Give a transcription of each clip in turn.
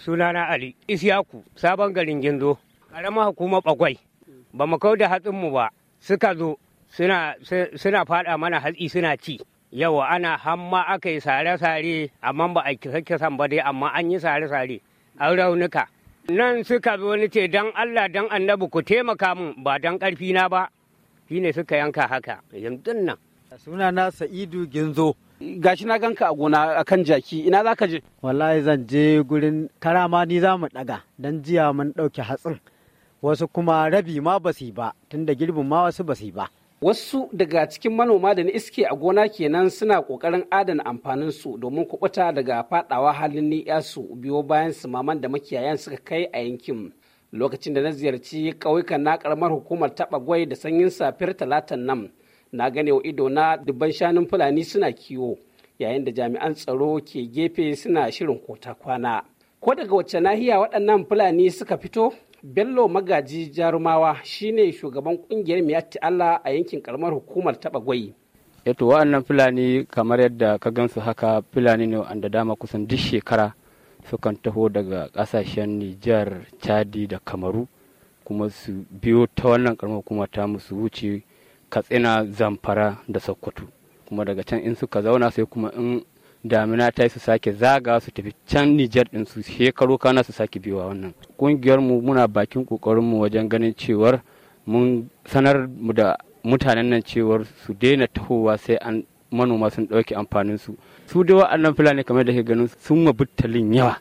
sunana ali isyaku sabon garin gindo karamar hukumar bagwai ba mu kau da mu ba suka zo suna fada mana hatsi suna ci yawa ana hamma aka yi sare-sare amma ba a kisa-kisan ba dai amma an yi sare-sare a raunuka nan suka zo ni ce dan allah dan annabi ku taimaka min ba dan karfi na ba shine suka yanka haka yanzu nan sunana sa'idu ginzo gashi na ganka a gona a kan jaki ina za ka je wallahi zan je gurin karama ni za mu daga dan jiya mun dauke hatsin wasu kuma rabi ma ba su ba tunda girbin ma wasu ba su ba wasu daga cikin manoma da na iske a gona kenan suna kokarin adana amfanin su domin kubuta daga fadawa halin ni su biyo bayan su maman da makiyayan suka kai a yankin lokacin da na ziyarci ƙauyukan na karamar hukumar taɓa gwai da sanyin safiyar talatan nan na gane wa ido na dubban shanun fulani suna kiwo yayin da jami'an tsaro ke gefe suna shirin kota kwana ko daga wacce nahiya waɗannan fulani suka fito bello magaji jarumawa shine shugaban kungiyar miyatti allah a yankin karamar hukumar taɓa gwai eto eh wa'annan fulani kamar yadda ka gansu haka fulani ne wanda dama kusan duk shekara sukan taho daga ƙasashen nijar chadi da kamaru kuma su biyo ta wannan karamar hukumar ta musu wuce katsina zamfara da sokoto kuma daga can in suka zauna sai kuma in damina ta su sake zaga su tafi can nijar din su shekaru kana su sake a wannan kungiyar mu muna bakin kokarin mu wajen ganin cewar mun sanar mu da mutanen nan cewar su daina tahowa sai an manoma sun ɗauki amfanin su su da wa'annan fulani kamar da ke ganin sun ma buttalin yawa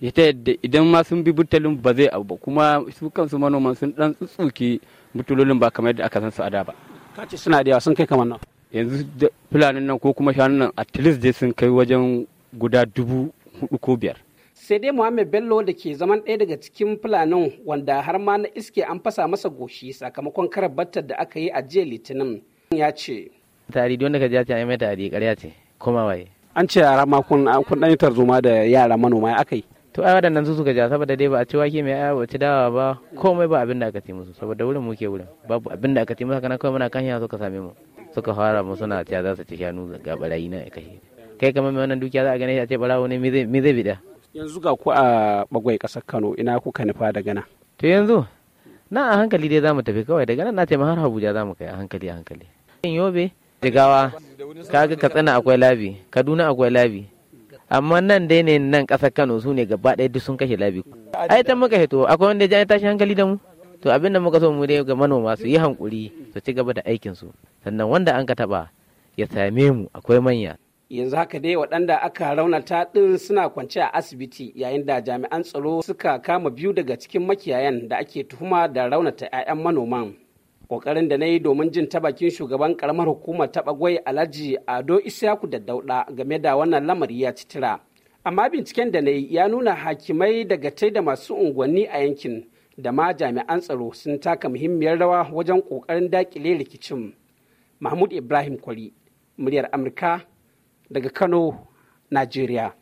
ita yadda idan ma sun bi buttalin ba zai abu ba kuma su kansu manoman sun ɗan tsutsuki butulolin ba kamar yadda aka san su a da ba ka ce suna da yawa sun kai kamar nan yanzu fulanin nan ko kuma shanun nan at least dai sun kai wajen guda dubu hudu ko biyar sai dai muhammed Bello da ke zaman ɗaya daga cikin fulanin wanda har ma na iske an fasa masa goshi sakamakon karabatar da aka yi a jiya litinin ya ce. Tari don daga jiya ce mai tari ƙarya ce kuma waye. An ce yara ma kun ɗan tarzoma da yara manoma aka yi. to ai waɗannan su suka ja saboda dai ba a ci wake mai aya ba ci dawa ba komai ba abin da aka ci musu saboda wurin muke wurin babu abin da aka ci musu kana kawai muna kan suka same mu suka fara mu suna cewa za su ci shanu ga barayi na kai kai kamar mai wannan dukiya za a gane shi a ce barawo ne me zai bida yanzu ga ku a bagwai kasar Kano ina kuka nufa daga nan to yanzu na a hankali dai za mu tafi kawai daga nan na ce har Abuja mu kai a hankali a hankali in Yobe Jigawa kaga Katsina akwai labi Kaduna akwai labi amma nan dai ne nan ƙasar kano su ne gaba ɗaya duk sun kashe labi ai ta muka hito akwai wanda ya tashi hankali da mu to abin da muka so mu dai ga manoma su yi hankuri su ci gaba da aikin su sannan wanda an ka taba ya same mu akwai manya yanzu haka dai waɗanda aka raunata ɗin suna kwance a asibiti yayin da jami'an tsaro suka kama biyu daga cikin makiyayan da ake tuhuma da raunata 'ya'yan manoman kokarin da na yi domin jin ta bakin shugaban karamar hukumar ta bagwai alhaji ado isyaku da dauda game da wannan lamari ya ci tira amma binciken da na yi ya nuna hakimai daga tai da masu unguwanni a yankin da ma jami'an tsaro sun taka muhimmiyar rawa wajen kokarin dakile rikicin mahmud ibrahim kwari muryar amurka daga kano najeriya